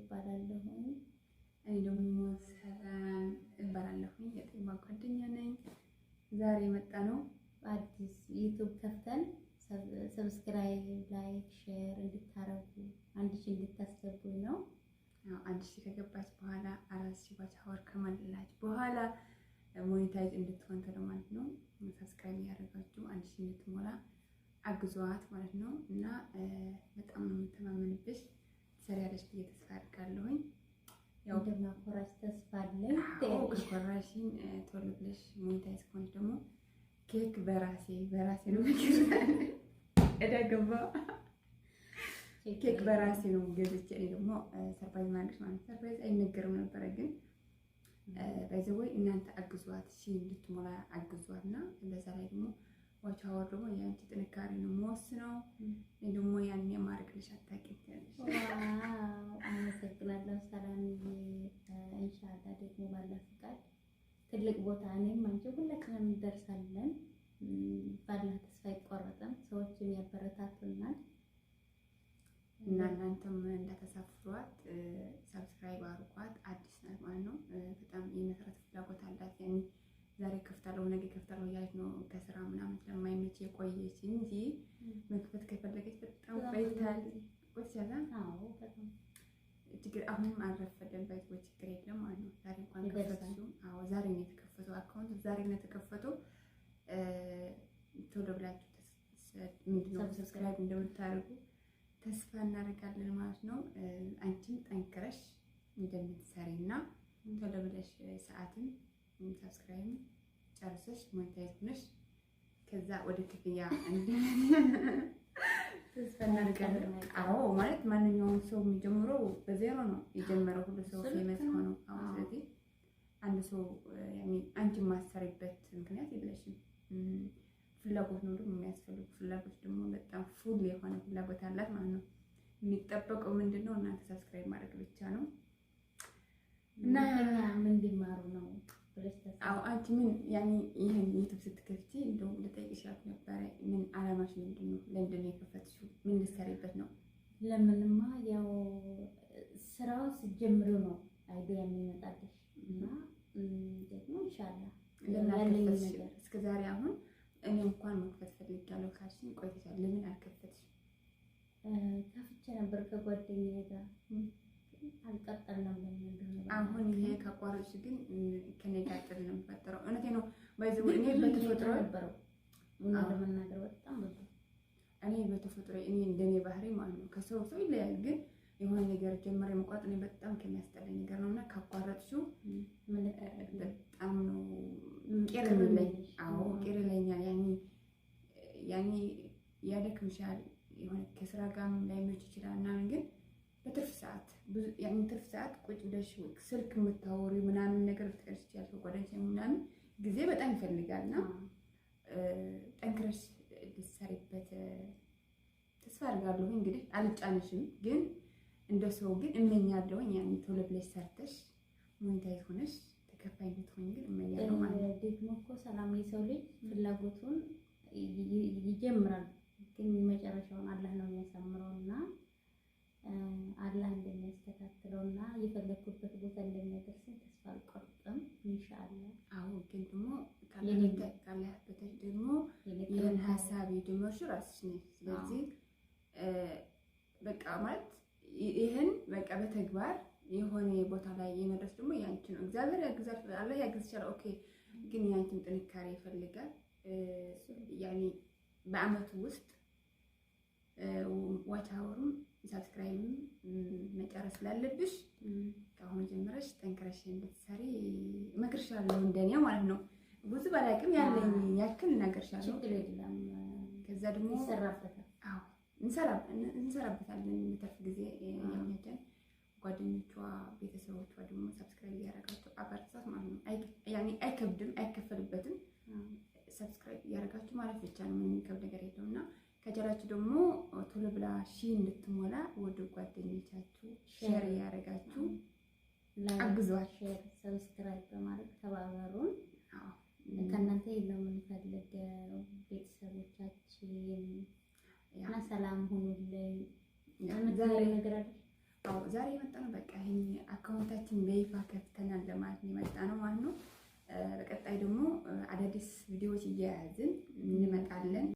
እባላለሁ። እኔ ደግሞ ሰላም እባላለሁ። የጤማ ጓደኛ ነኝ። ዛሬ የመጣ ነው አዲስ ዩቱብ ከፍተን ሰብስክራይብ፣ ላይክ፣ ሼር እንድታረጉ አንድ ሺህ እንድታስገቡ ነው። አንድ ሺህ ከገባች በኋላ አራት ሺህ ባቻወር ከመላች በኋላ ሞኔታይዝ እንድትሆን ተደ ማለት ነው። ሰብስክራይብ ያደረጋችሁ አንድ ሺህ እንድትሞላ አግዟት ማለት ነው እና በጣም ነው የምተማመንብሽ ትሰሪያለሽ ብዬ ተስፋ አድርጋለሁኝ። ያው እንደማኮራሽ ተስፋ አለኝ። ከኮራሽኝ ቶሎ ብለሽ ሞኒታይዝ ከሆንሽ ደግሞ ኬክ በራሴ በራሴ ነው እዳ ገባ ኬክ በራሴ ነው ገዝቼ እኔ ደግሞ ሰርፕራይዝ ማለት ማለት ሰርፕራይዝ አይነገርም ነበረ ግን በዚህ እናንተ አግዟት ሺ እንድትሞላ አግዟት እና በዛ ላይ ደግሞ ዋቻወር ደግሞ የአንቺ ጥንካሬ ነው መወስነው ደግሞ ያን የማድረግ ልሽ አታውቂም ትልቅ ቦታ እኔም አንቺ ሁላችንም እንደርሳለን። ባላ ተስፋ አይቆረጥም። ሰዎችን ያበረታቱናል እና እናንተም እንደተሳፍሯት ሰብስክራይብ አድርጓት። አዲስ ናት ማለት ነው። በጣም የመስራት ፍላጎት አላት። ያኔ ዛሬ ከፍታለሁ ነገ ከፍታለሁ እያለች ነው ከስራ ምናምን ስለማይመች የቆየች እንጂ መክፈት ከፈለገች በጣም ቆይታለች። ቆይታለች። አዎ በጣም ችግር አሁንም አልረፈደም። ባይቦች ችግር የለም ማለት ነው። ዛሬ እንኳን ከፈታችሁ። አዎ ዛሬ ነው የተከፈተው አካውንት፣ ዛሬ ነው የተከፈተው። ቶሎ ብላችሁ ምንድነው ሰብስክራይብ እንደምታደርጉ ተስፋ እናደርጋለን ማለት ነው። አንቺም ጠንክረሽ እንደምትሰሪ እና ቶሎ ብለሽ ሰዓትን ሰብስክራይብ ጨርሰሽ ሞኔታይዝ ሆነሽ ከዛ ወደ ክፍያ እንደ አዎ ማለት ማንኛውም ሰው የሚጀምረው በዜሮ ነው የጀመረው። ሁሉ ሰው ፌመስ ሆነው ስለዚህ አንድ ሰው አንቺ ማሰሪበት ምክንያት የለሽም። ፍላጎት ነው ደግሞ የሚያስፈልጉ ፍላጎት ደግሞ በጣም ፉል የሆነ ፍላጎት አላት ማለት ነው። የሚጠበቀው ምንድን እናንተ ሳብስክራይብ ማድረግ ብቻ አዎ አንቺ ምን ያኔ ይህን ዩቱብ ስትከፍቺ እንደውም ልጠይቅሽ ነበረ። ምን አላማሽ ምንድን ነው? ለምንድን ነው የከፈትሽው? ምን ልትሰሪበት ነው? ለምንማ ያው ስራው ስትጀምሩ ነው አይዲያ የሚመጣልሽ እና ደግሞ ይሻላል ያለኝ እስከ ዛሬ አሁን እኔ እንኳን መክፈት ፈልጌያለሁ ካልሽኝ ቆይተሻል። ለምን አልከፈትሽም? ከፍቼ ነበር ከጓደኛዬ ጋር ባሎች ግን ከኔጋ ነው የሚፈጠረው። እውነቴ ነው። ባይዘ እኔ በተፈጥሮ ነበረው ለመናገር በጣም በ እኔ በተፈጥሮ እኔ እንደኔ ባህሪ ማለት ነው ከሰው ሰው ይለያል። ግን የሆነ ነገር ጀመር መቋጥ እኔ በጣም ከሚያስጠላኝ ነገር ነው እና ካቋረጥሽው በጣም ቄር ላይ አዎ ቄር ላይኛል። ያኔ ያደክምሻል። የሆነ ከስራ ጋር ላይመች ይችላል ምናምን ግን በትርፍ ሰዓት ያን ትርፍ ሰዓት ቁጭ ብለሽ ስልክ የምታወሪ ምናምን ነገር ብትቀርሽ ያለው ጓደኛ ምናምን ጊዜ በጣም ይፈልጋል እና ጠንክረሽ ልትሰሪበት ተስፋ አድርጋለሁ። እንግዲህ አልጫነሽም፣ ግን እንደ ሰው ግን እመኛለሁ ያን ቶሎ ብለሽ ሰርተሽ ሞኒታይዝ ሆነሽ ተከፋይነት እንድትሆኝ ግን እመኛለሁ ማለት ደግሞ እኮ ሰላም የሰው ልጅ ፍላጎቱን ይጀምራል፣ ግን መጨረሻውን አላህ ነው የሚያሳምረው እና እንደምከታተለውና የፈለኩበት ቦታ እንደሚያደርሰኝ ተስፋ አልቆርጥም። ኢንሻአላ አሁን ግን ደግሞ ካለህበት ደግሞ ይህን ሀሳብ የጀመርሽ ራስሽ ነሽ። ስለዚህ በቃ ማለት ይህን በቃ በተግባር የሆነ ቦታ ላይ የመድረስ ደግሞ ያንቺ ነው። እግዚአብሔር ያግዛል፣ አለ ያግዝሻል። ኦኬ ግን ያንቺን ጥንካሬ ይፈልጋል። ያኔ በአመቱ ውስጥ ዋች አወሩን ሰብስክራይብን መጨረስ ስላለብሽ ከአሁን ጀምረሽ ጠንክረሽ እንድትሰሪ እመክርሻለሁ። እንደኔ ማለት ነው። ብዙ ባላቅም ያለኝ ያክል እነግርሻለሁ። ከዛ ደግሞ እንሰራበታለን በትርፍ ጊዜ የሚሄደን ጓደኞቿ፣ ቤተሰቦቿ ደግሞ ሰብስክራይብ እያደረጋቸው አበርታት ማለት ነው። አይከብድም፣ አይከፈልበትም። ሰብስክራይብ እያደረጋችሁ ማለት ብቻ ነው። የሚከብድ ነገር የለውም እና ከቻላችሁ ደግሞ ቶሎ ብላ ሺ እንድትሞላ ወደ ጓደኞቻችሁ ሼር እያደረጋችሁ አግዟል። ሼር ሰብስክራይብ በማድረግ ተባበሩን። ከእናንተ የምንፈልገው ቤተሰቦቻችን እና ሰላም ሁኑልን። ዛሬ ዛሬ የመጣ ነው በቃ ይሄ አካውንታችን በይፋ ከፍተናል ለማለት ነው የመጣ ነው ማለት ነው። በቀጣይ ደግሞ አዳዲስ ቪዲዮዎች እየያዝን እንመጣለን።